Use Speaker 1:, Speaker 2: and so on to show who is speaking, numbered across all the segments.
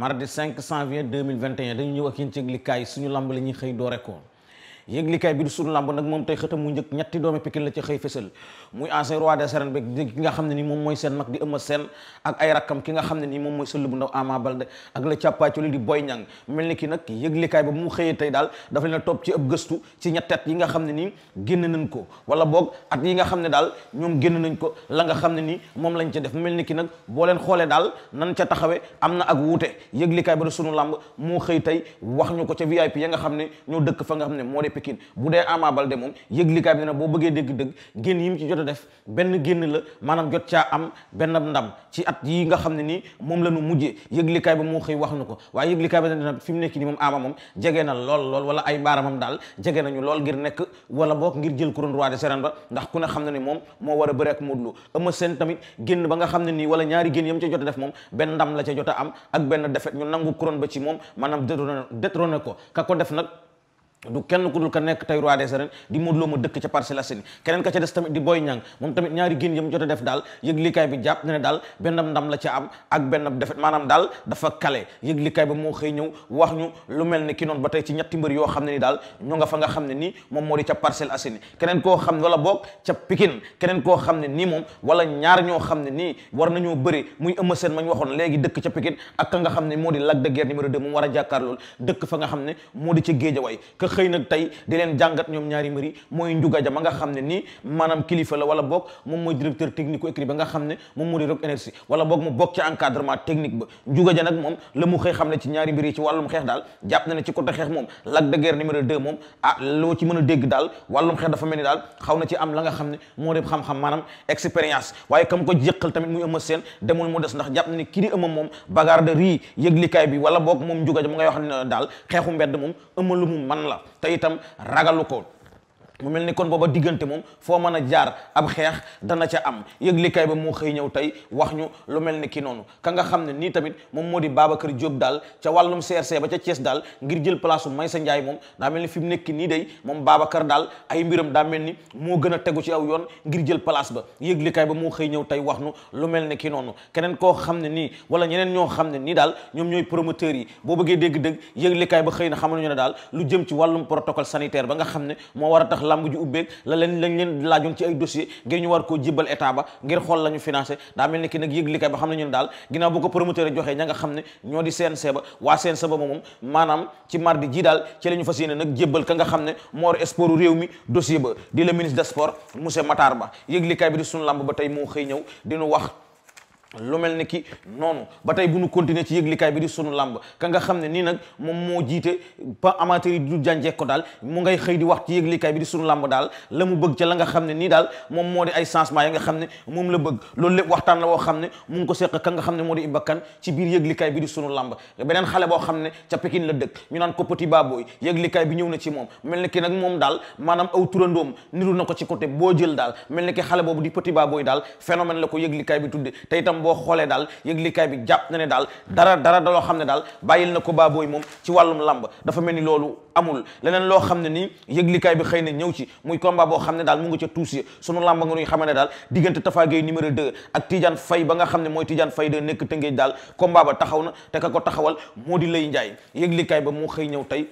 Speaker 1: mardi 5 janvier 2021 dañu ñëw ak yéen ci yëglikaay suñu lamb la ñuy xëy doore ko yëglikaay bi di sunu lamb nag moom tey xëtam mu njëkk ñetti doomi Pikine la ci xëy fësal muy ancien bi ki xam ne ni moom mooy seen mag di Eumeu Sène ak ay rakkam xëyee tey daal dafa leen topp ci ab gëstu ci nga xam ne nii génn nañ ko wala boog at nga xam ne daal ñoom génn nañ ko la nga xam ne nii moom lañ ca def mel ni ki nag boo leen xoolee daal nan ca taxawe am na ak wuute yëglikaay ba di sunu lamb moo xëy tey wax ñu ko ca VIP ya nga xam ne ñoo dëkk fa nga xam ne moo di Pikine bu dee Ama Baldé moom yëg likaay bi ne boo bëggee dégg dëgg génn yi mu ci jot a def benn génn la maanaam jot caa am benn ndam ci at yi nga xam ne nii moom la ñu mujjee yëg likaay ba moo xëy wax nu ko waaye yëg likaay bi ne fi mu nekk nii moom Ama moom jege na lool lool wala ay baaramam daal jege nañu lool ngir nekk wala boog ngir jël couronne roi des arènes ba ndax ku ne xam ne ni moom moo war a bëre ak Modou Lo Eumeu Sène xam ne nii wala ñaari génn yam ca jot a def moom benn ndam la ca jot a am ak benn defet ñu nangu couronne ba ci moom maanaam détrôné ko ka ko def nag du kenn ku dul ka nekk tey roi des arènes di Modou Lo ma dëkk ca Parcelles Assainies keneen ka ca des tamit di Boy Niang moom tamit ñaari génn yam jot a def daal yëg bi jàpp na ne daal benn ndam la ca am ak benn defet maanaam daal dafa kale yëg likaay moo xëy ñëw wax ñu lu mel ni ki noonu ba tey ci ñetti mbër yoo xam ne ni daal ñu nga fa nga xam ne nii moom moo di ca Parcelles Assainies keneen koo xam ne wala boog ca Pikine keneen koo xam ne nii moom wala ñaar ñoo xam ne nii war nañoo bëri muy Eumeu Sène mañ waxoon léegi dëkk ca Pikine ak ka nga xam ne moo di lag de Guiers numéro 2 moom war a jàkkaar dëkk fa nga xam ne moo di ca Guédiawaye xëy na tey di leen jàngat ñoom ñaari mbër mooy njuga Dia a nga xam ne nii maanaam kilifa la wala boog moom mooy directeur technique u écrit ba nga xam ne moom moo di Rock Énergie wala boog mu bokk ci encadrement technique ba Ndiouga Dia nag moom ne ci ñaari mbir yi ci wàllum xeex daal jàpp na ne ci côté xeex moom Lac de ah mën a dégg daal wàllum dafa mel ni daal xaw na ci am la nga xam ne moo def xam-xam maanaam expérience waaye kam ko jëkkal tamit muy Eumeu Sène demul mu des ndax jàpp na ne kii di Eumeu moom bagarre de rii yëglikaay bi wala boog moom Ndiouga Dia mu ngay wax ne daal xeexu mbedd moom Eumeu lu mu man la te itam ragalu ko mu mel ni kon booba diggante moom foo mën a jaar ab xeex dana ca am yëglikaay ba moo xëy ñëw tey wax ñu lu mel ni ki noonu ka nga xam ne nii tamit moom moo di Babacar Diop daal ca wàllum CRC ba ca Thiès daal ngir jël place u Maysa Ndiaye moom daa mel ni fi mu nekk nii day moom Babacar daal ay daa mel ni moo gën a tegu ci aw yoon ngir jël place ba yëglikaay ba moo xëy ñëw tey wax nu lu mel ni ki noonu keneen koo xam ne nii wala ñeneen ñoo xam ne nii daal ñoom ñooy promoteurs yi boo bëggee dégg-dégg yëglikaay ba xëy na xamal ñu ne daal lu jëm ci wàllum protocole sanitaire ba nga xam ne moo war a tax lamb ji ubbeeg la leen lañ leen laajoon ci ay dossier ngir ñu war koo jibal état ba ngir xool la ñu financé daa mel ni ki nag yëg likaay ba xam ne ñun daal ginnaaw bu ko promoteur joxee ña nga xam ne ñoo di CNC ba waa CNC ba moom maanaam ci mardi ji daal ci la ñu fas yéene nag jébbal ka nga xam ne moor sport réew mi dossier ba di le ministre des sports monsieur Matar Ba yëg likaay bi di sunu lamb ba tey moo xëy ñëw dinu wax lu mel ni ki noonu ba tey bu nu continuer ci yëglikaay bi di sunu làmb ka nga xam ne nii nag moom moo jiite ba amateur yi du jànjee ko daal mu ngay xëy di wax ci yëglikaay bi di sunu làmb daal la mu bëgg ca la nga xam ne nii daal moo ay changement yi nga xam ne moom la bëgg loolu lépp waxtaan la woo xam ne mu ngi ko seq ka nga xam ne moo di ci biir yëglikaay bi di sunu làmb beneen xale boo xam ne ca Pikine la dëkk ñu naan ko Petit Baboy yëglikaay bi ñëw na ci moom mel ni ki nag moom daal maanaam aw turandoom niru na ko ci côté boo jël daal mel ni ki xale boobu di Petit Baboy daal phénomène la ko yëglikaay bi tudde te itam boo xoolee daal yëglikaay bi jàpp na ne daal dara dara daloo xam ne daal bàyyil na ko baabooy moom ci wàllum lamb dafa mel ni loolu amul leneen loo xam ne nii yëglikaay bi xëy na ñëw ci muy combat boo xam ne daal mu nga ca tuus yi sunu lamba nga nuy xam ne daal diggante Tafa Gueye numéro 2 ak Tidiane fay ba nga xam ne mooy Tidiane fay de nekk tëngeej daal combat ba taxaw na te ka ko taxawal moo di lay njaay yëglikaay ba mu xëy ñëw tey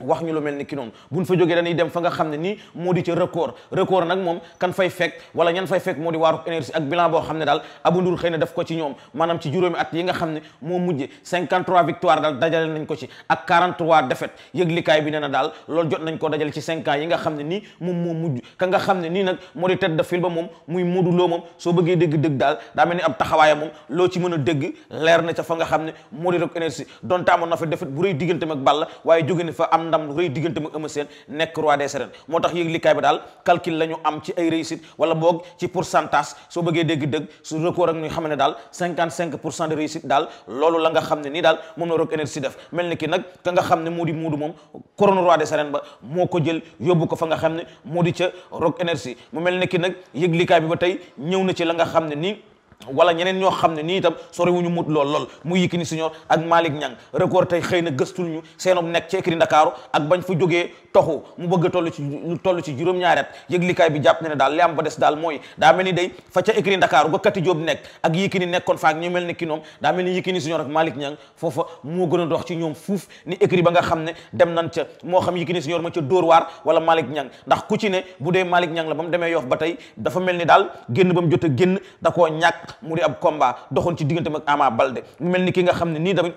Speaker 1: wax ñu lu mel ni ki noonu buñ fa jógee dañuy dem fa nga xam ne nii moo di ca record record nag moom kan fay fekk wala ñan fay fekk moo di waaru énergie ak bilan boo xam ne daal Abou Ndour xëy na daf ko ci ñoom xam ne moo mujje 53 victoire daal dajale ko ci ak 43 défaite bi nee na daal loolu jot nañ ko dajale ci 5 ans yi nga xam ne nii moom moo mujj ka nga xam ne nii nag moo di tête de file ba moom muy Modou Lo moom soo bëggee dégg dëgg daal daa mel ni ab taxawaaya moom loo ci mën a dégg leer na ca fa nga xam ne moo di rek énergie donte amoon na fa défaite bu rëy digganteem ak Balla waaye jóge na fa am ndam lu rëy diggante mag Eumeu Sène nekk roi des arènes moo tax yëg likaay bi daal calcul la ñu am ci ay réussite wala boog ci pourcentage soo bëggee dégg dëgg su record ak ñu xam ne daal cinquante cinq pour cent de réussite daal loolu la nga xam ne nii daal moom na Rock Énergie def mel ni ki nag ka nga xam ne moo di muudu moom couronne roi des arènes ba moo ko jël yóbbu ko fa nga xam ne moo di ca Rock Énergie mu mel ne ki nag yëg likaay bi ba tey ñëw na ci la nga xam ne nii wala ñeneen ñoo xam ne nii itam soriwuñu mut lool lool mu Yékini Senior ak Malick Niang record tey xëy na gëstul ñu seenom nekk ci écurie Ndakaaru ak bañ fa jógee toxu mu bëgg a toll ci toll ci juróom ñaareet at yëglikaay bi jàpp ne ne daal li am ba des daal mooy daa mel ni day fa ca écurie ba Kati Jóob nekk ak Yékini nekkoon fa ak ñu mel ni ki noom daa mel ni Yékini Senior ak Malick Niang foofa moo a dox ci ñoom fuuf ni écurie ba nga xam ne dem nañ ca moo xam Yékini Senior ma ca Dóor waar wala Malick Niang ndax ku ci bu dee Malick Niang la ba mu demee Yoff ba tey dafa mel ni daal génn ba mu jot a génn da koo ñàkk mu di ab combat doxoon ci diggante ak Ama Baldé mu mel ni ki nga xam ne nii tamit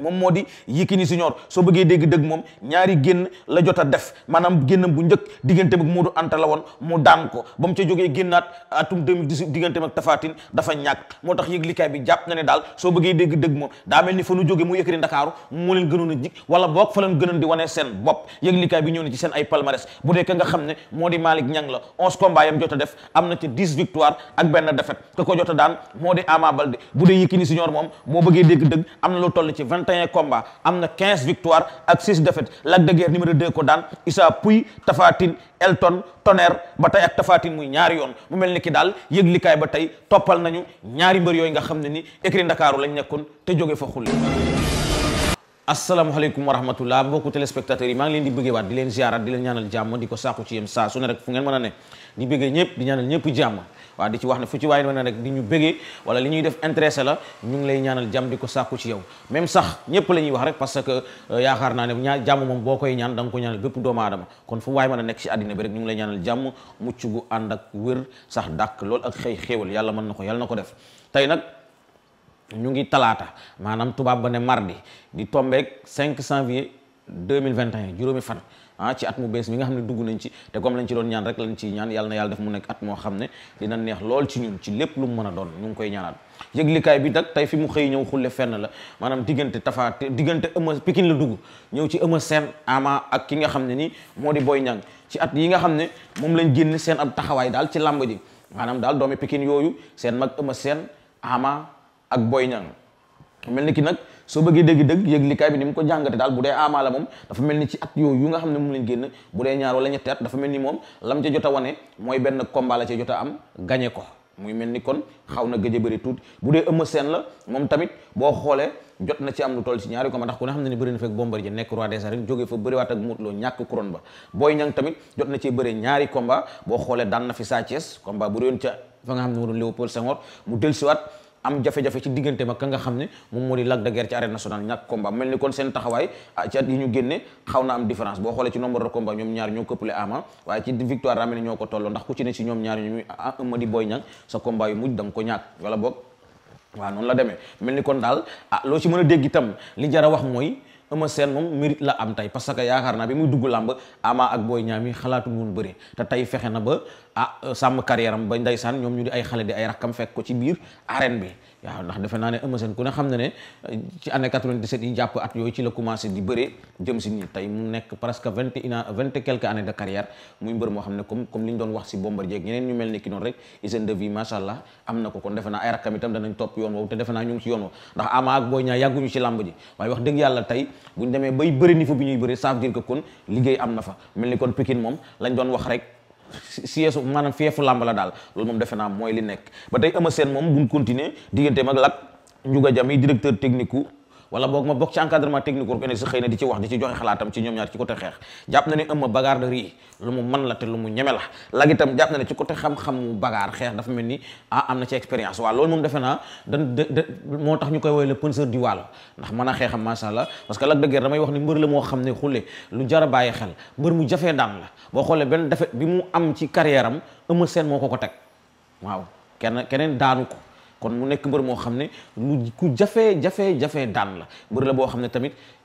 Speaker 1: moom moo di Yékini Junior soo bëggee dégg dëgg moom ñaari génn la jot a def maanaam génnam bu njëkk digganteem ak Modou Anta la woon mu daan ko ba mu ca jógee génnaat atum 2018 digganteem ak Tafatine dafa ñàkk moo na daal soo bëggee dégg dëgg moom daa mel ni fa nu jóge mu Yékini Ndakaaru moo leen gënoon a jik di ne moo di Malick Niang la onze combats yam jot a def am daan moo di Ama Baldé bu dee Yékini Junior moom boo bëggee dégg dëgg am na lu toll ci vingt 41 combats am na 15 victoires ak 6 défaites Lac de Guiers numéro 2 ko daan Issa Pouye Tafatine Elton Tonnerre ba tey ak Tafatine muy ñaari yoon mu mel ni ki daal yëglikaay ba tey toppal nañu ñaari mbër yooyu nga xam ne ni écurie Ndakaaru lañ nekkoon te jóge fa xulli asalaamaaleykum wa rahmatullah mbokku téléspectateurs yi maa ngi leen di bëggee waat di leen ziarat di leen ñaanal jàmm di ko sàkku ci yéen saa a li ñuy def intéressé la ñu ngi lay ñaanal jàmm ko sàkku ci yow même sax ñëpp la ñuy wax rek parce que euh, yaakaar naa ne ñaa jàmm moom boo koy ñaan da nga ko ñaanal bépp doomu aadama kon fu waaye mën a nekk ci àddina bi rek ñu ngi lay ñaanal jàmm mucc ànd ak wér sax dàkk lool ak xëy xéewal yàlla mën na ko yàlla na ko def tey nag ñu ngi talaata maanaam tubaab ba ne mardi di tombeek 5 janvier 2021 juróomi fan ah ci at mu bees mi nga xam ne dugg nañ ci te comme lañ ci doon ñaan rek lañ ci ñaan yàlla na yàlla def mu nekk at moo xam ne dina neex lool ci ñun ci lépp lu mu mën a doon ñu ngi koy ñaanal yëglikaay bi nag tey fi mu xëy ñëw xulle fenn la maanaam diggante tafaate diggante Eumeu Pikine la dugg ñëw ci Eumeu Sène Ama ak ki nga xam ne ni moo di Boy Niang ci at yi nga xam ne moom lañ génn seen ab taxawaay daal ci làmb ji maanaam daal doomi Pikine yooyu seen mag Eumeu seen Ama ak Boy Niang mel ni ki nag soo bëggee dégg-dëgg yëg likaay bi ni mu ko jàngate daal bu dee Ama la moom dafa mel ni ci at yooyu yu nga xam ne moom lañ génn bu dee ñaar wala ñetti at dafa mel ni moom lam ca jot a wane mooy la ca jot a am gañe ko muy mel ni kon xaw na gëj a bu dee Eumeu Sène la moom tamit boo xoolee jot na ci am lu toll ci ñaari combat ndax ku ne xam ne ni bëri na nekk roi des arènes jógee fa bëriwaat ak Modou Lo ñàkk couronne ba Boy Niang jot na ci bëri ñaari combat boo xoolee daan na fi Sa Thiès combat bu réyoon ca fa nga xam ne mu doon Léopold Senghor mu dellusiwaat am jafe-jafe ci diggante ma ka nga xam ne moom moo di Lac de Guiers ci arène nationale ñàkk combat mel ni kon seen taxawaay ah, yi ñu génne xaw na am différence boo xoolee ci nombre de combat ñoom ñaar ñoo këppale ama waaye ci victoire ramé ñoo ko tolloo ndax ku ci ne ci ñoom ñaar ñu ma di Boy Niang sa combat yu mujj da ko ñàkk wala boog waaw noonu la demee mel ni kon daal ah loo ci mën a dégg itam li jara wax mooy Eumeu seen moom mérite la am tey parce que yaakaar naa bi muy dugg làmb Ama ak booy Niang mi xalaatu woon bëri te tey fexe na ba ah sàmm carrière am ba ndeysaan ñoom ñu di ay xale di ay rakkam fekk ko ci biir arène bi waaw ndax defe naa ne Eumeu Sène ku ne xam na ne ci année 97 yi jàpp at yooyu ci la commencé di bëre jëm si nii tey mu nekk presque vingt et un vingt et carrière muy mbër moo xam ne comme comme li ñu doon wax si Bombardier rek am na ko kon defe naa ay rakkam itam danañ topp yoon woowu te defe naa ñu ngi ci yoon woowu ndax Ama ak Boy Niang yàgguñu ci làmb ji waaye wax dëgg yàlla tey buñ demee bay bëri niveau bi ñuy bëri ça veut dire kon liggéey am na fa mel ni kon Pikine moom lañ doon wax rek si yeesu maanaam feefu làmb la daal loolu moom defe naa mooy li nekk ba tey Eumeu seen moom buñ continuer diggante mag lak njuga jam yi directeur technique wala boog ma bokk ci encadrement technique organise xëy na di ci wax di ci joxe xalaatam ci ñoom ñaar ci côté xeex jàpp na ne ëmma bagaar de rii lu mu mën la te lu mu ñeme la lagi itam jàpp na ne ci côté xam-xamu bagaar xeex dafa mel ni ah am na ci expérience waaw loolu moom defe naa dan de moo tax ñu koy woy le penseur du Waalo ndax mën a xeexam macha allah parce que Lac de Guiers damay wax ni mbër la moo xam ne xulle lu jara bàyyi xel mbër mu jafee ndaan la boo xoolee benn defe bi mu am ci carrière am Eumeu Sène moo ko ko teg waaw kenn keneen kon mu nekk mbër moo xam ne lu ku jafe jafe jafe daan la mbër la boo xam ne tamit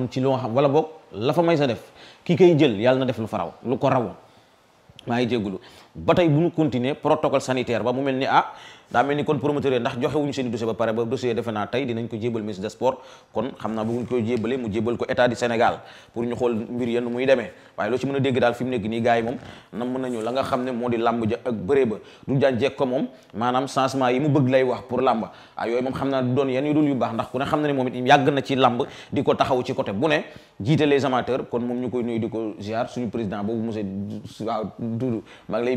Speaker 1: amoon ci loo xam wala boog la fa may sa def ki koy jël yàlla na def lu faraw lu ko raw maa ngi jégalu ba tey bu ñu continuer protocole sanitaire ba mu mel ni ah daa mel ni kon promoteur yi ndax joxe wuñu seen i dossier ba pare ba dossier defe naa tey dinañ ko jébal ministre des kon xam naa mu muy demee waaye loo ci mën mu nekk nii gars yi moom na ne moo di làmb ja ak bëree ba du changement yi mu bëgg lay wax pour làmb ah yooyu moom xam naa du doon yenn yu dul yu baax ndax ku ne xam na ne moom it yàgg na ci làmb di ko taxaw ci côté bu ne jiite les kon moom ñu koy nuyu di ko ziar suñu président boobu monsieur waaw Doudou maa ngi lay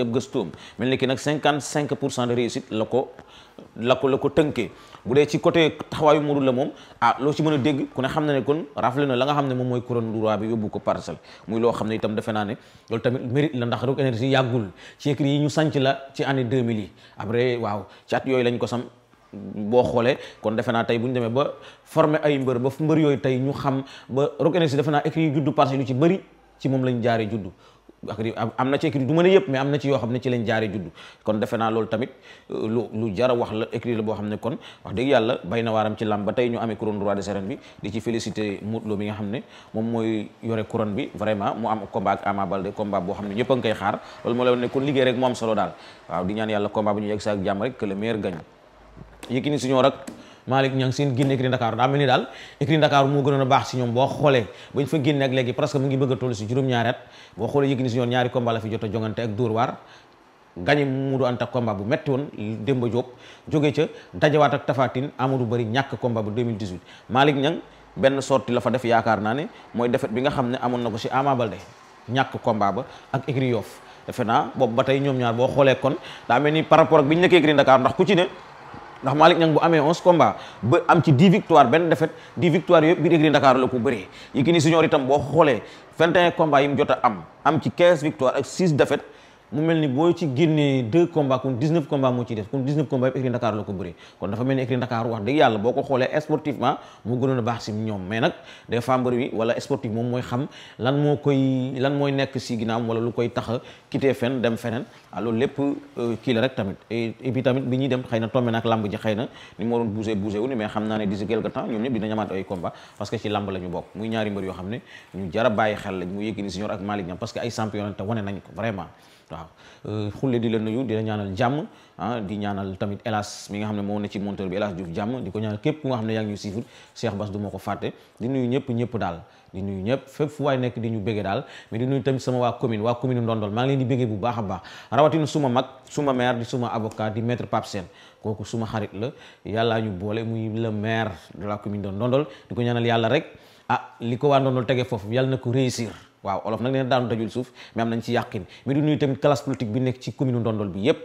Speaker 1: ci ab gëstoom mel ni ki nag cinquante cinq pour cent de réussite la ko la ko la ko tënkee bu dee ci côté taxawaayu Modou la moom ah loo ci mën a dégg ku ne xam na ne kon rafle na la nga xam ne moom mooy couronne du roi bi yóbbu ko parcelle muy loo xam ne itam defe naa ne loolu tamit mérite la ndax Rock Énergie yàggul ci écrit yi ñu sanc la ci année 2000 yi après waaw ci at yooyu lañ ko sam boo xoolee kon defe naa tey bu ñu demee ba formé ay mbër ba mbër yooyu tey ñu xam ba Rock defe naa juddu parcelle ci bëri ci moom lañ jaaree juddu ak am na ci écrit du mën a yëpp mais am na ci yoo xam ne ci lañ jaare juddu kon defe naa loolu tamit euh, lu lu jara wax la écrit la boo xam ne kon wax dëgg yàlla bay na waaram ci làmb ba tey ñu amee couronne roi des arènes bi di ci félicité Modou Lo mi mu am combat ak Ama Baldé combat boo xam ne ñëpp a xaar loolu moo lay wane ne kon liggéey rek mu am solo daal waaw di ñaan yàlla combat bu ñu yegg sa ak jàmm rek que le meilleur gagne Yékini suñoo rek Malick Niang seen génn écurie Dakar daa mel ni daal écurie Dakar moo gënoon a baax si ñoom boo xoolee bañ fa génne ak léegi Bari ñàkk combat bu 2018 Malick Niang benn fa def yaakaar naa ne mooy défaite bi nga xam ne amoon na ko si Ama Baldé ñàkk combat ba ak écurie Yoff defe naa boo xoolee kon daa mel ni ñu nekkee écurie Dakar ndax ku ci ne ndax Malick Niang bu amee 11 combats ba am ci 10 victoire benn défaite 10 victoire yëpp biir écurie Dakar la ko bëree Yékini Junior itam boo xoolee 21 combats yi mu jot am am ci 15 victoire ak 6 mu mel ni boo ci génnee deux combats kon 19 combats moo ciy def kon 19 combats yëpp écurie Dakar la ko bëree kon dafa mel ni écurie Dakar wax dëgg yàlla boo ko xoolee sportivement mu gënoon a baax si ñoom mais nag des fois mbër wi wala sportif moom mooy xam lan moo koy lan mooy nekk si ginnaaw wala lu koy tax a quitté fen feneen ah loolu lépp euh, kii la rek tamit et puis tamit bi ñuy dem xëy na ne d'ici quelque temps ñoom ñëpp dina ñamaat ay combat parce bokk muy ñaari mbër yoo xam ne ñu jara bàyyi xel mu Yékini Senior ak Malick parce que ay champion te wane nañ ko vraiment waaw xulle euh, di la nuyu di la ñaanal jàmm ah, di ñaanal tamit Elas mi nga xam ne moo ne ci monteur bi Elas Diouf jàmm di ko ñaanal képp ku nga xam ne yaa ngi ñu siifut Cheikh Bass du ma ko fàtte di nuyu ñëpp ñëpp daal di nuyu ñëpp fépp fu waay nekk di ñu béggee daal mais di nuyu tamit sama waa commune waa commune Ndondol maa ngi leen di béggee bu baax a baax rawatina suma mag suma maire di suma avocat di maître Pape Sène kooku suma xarit la yàllaa ñu boole muy le maire de la commune de Ndondol ah, li ko waa Ndondol tegee foofu na ko réussir waaw olof nag nee na daanu dajul suuf mais am nañ ci yàqin mais du nuyu tamit classe politique bi nekk ci commune Ndondol bi yëpp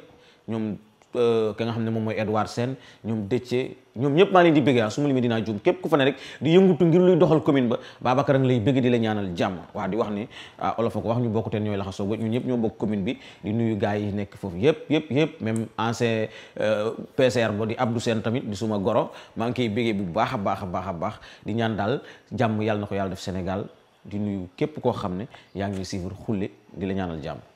Speaker 1: ñoom euh, ki nga xam ne moom mooy Edouard seen ñoom Déthié ñoom ñëpp maa leen di bëgg ah su ma dinaa juum képp ku fa ne rek di yëngutu ngir luy doxal commune ba Babacar bëgg di ñaanal jàmm waaw di wax ne ah, olof a ko wax ñu bokk bokkuteen ñooy laxasoo ba ñu ñëpp ñoo bokk commune bi di nuyu gaa yi nekk foofu yëpp yëpp yëpp même ancien euh, PCR ba di Abdou seen tamit di suma goro maa ngi koy bëggee bu baax a baax a baax a baax di ñaan daal jàmm yàlla na ko yàlla def Sénégal di nuyu képp koo xam ne yaa ngi suivre xulle di la ñaanal jàmm